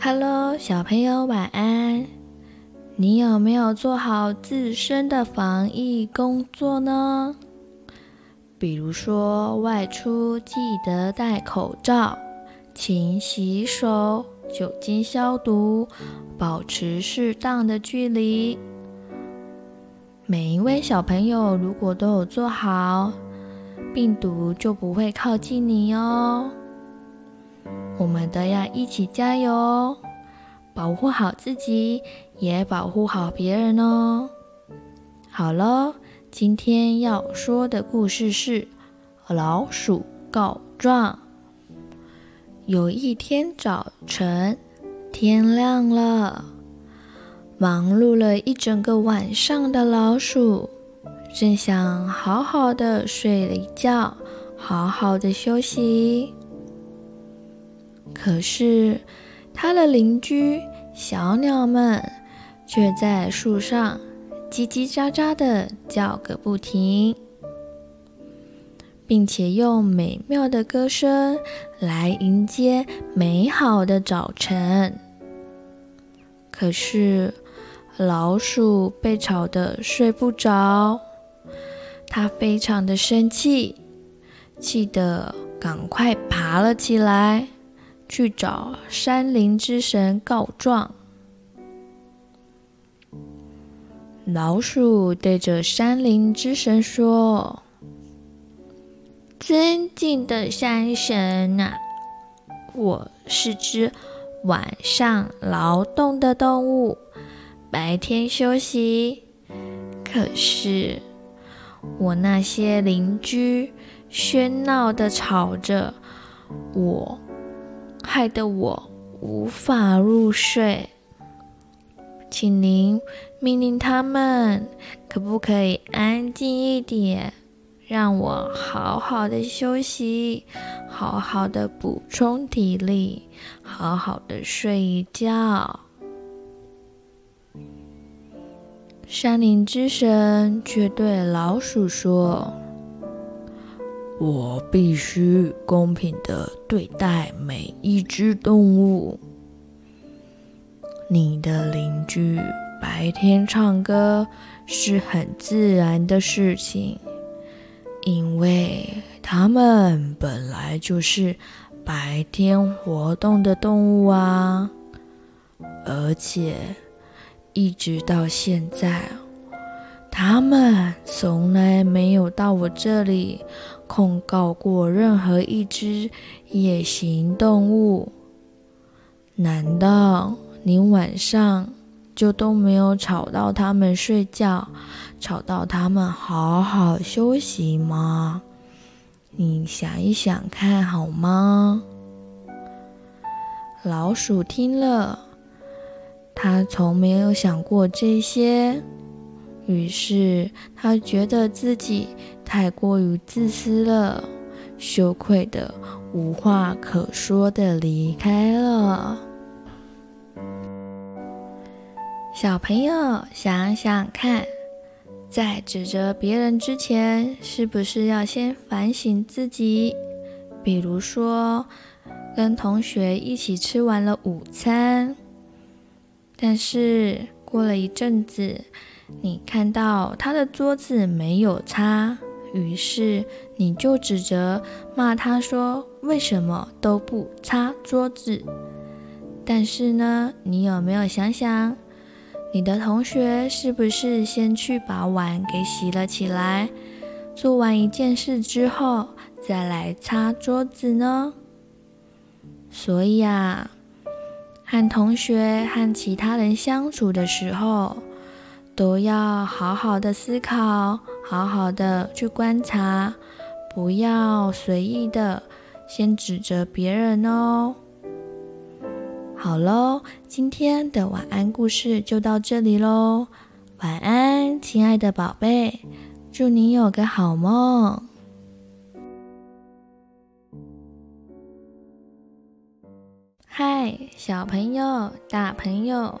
Hello，小朋友，晚安。你有沒有做好自身的防疫工作呢？比如說，外出記得戴口罩、勤洗手、酒精消毒、保持適當的距離。每一位小朋友如果都有做好，病毒就不會靠近你哦。我們都要一起加油哦！保護好自己，也保護好別人哦。好了，今天要說的故事是《老鼠告狀》。有一天早晨，天亮了，忙碌了一整個晚上的老鼠，正想好好的睡了一覺，好好的休息。可是，他的鄰居小鳥們卻在樹上嘰嘰喳喳的叫個不停，並且用美妙的歌聲來迎接美好的早晨。可是，老鼠被吵得睡不着，它非常的生氣，氣得趕快爬了起來。去找山林之神告狀。老鼠對着山林之神說：“尊敬的山神啊，我是隻晚上勞動的動物，白天休息。可是我那些鄰居喧鬧地吵着我。”害得我無法入睡，請您命令他們，可不可以安靜一點，讓我好好的休息，好好的補充體力，好好的睡一覺。山林之神卻對老鼠說。我必須公平的對待每一只動物。你的鄰居白天唱歌是很自然的事情，因為他們本來就是白天活動的動物啊，而且一直到現在，他們。從來沒有到我這裡控告過任何一隻野生動物。難道你晚上就都沒有吵到它們睡覺，吵到它們好好休息嗎？你想一想看好嗎？老鼠聽了，他從沒有想過這些。於是他覺得自己太過於自私了，羞愧的無話可說的離開了。小朋友想想看，在指責別人之前，是不是要先反省自己？比如說，跟同學一起吃完了午餐，但是過了一陣子。你看到他的桌子沒有擦，於是你就指責罵他說：“為什麼都不擦桌子？”但是呢，你有沒有想想，你的同學是不是先去把碗給洗了起來，做完一件事之後再來擦桌子呢？所以啊，和同學和其他人相處的時候，都要好好的思考，好好的去觀察，不要隨意的先指責別人哦。好嘍，今天的晚安故事就到這裡嘍。晚安，親愛的寶貝，祝你有個好夢。嗨，小朋友，大朋友。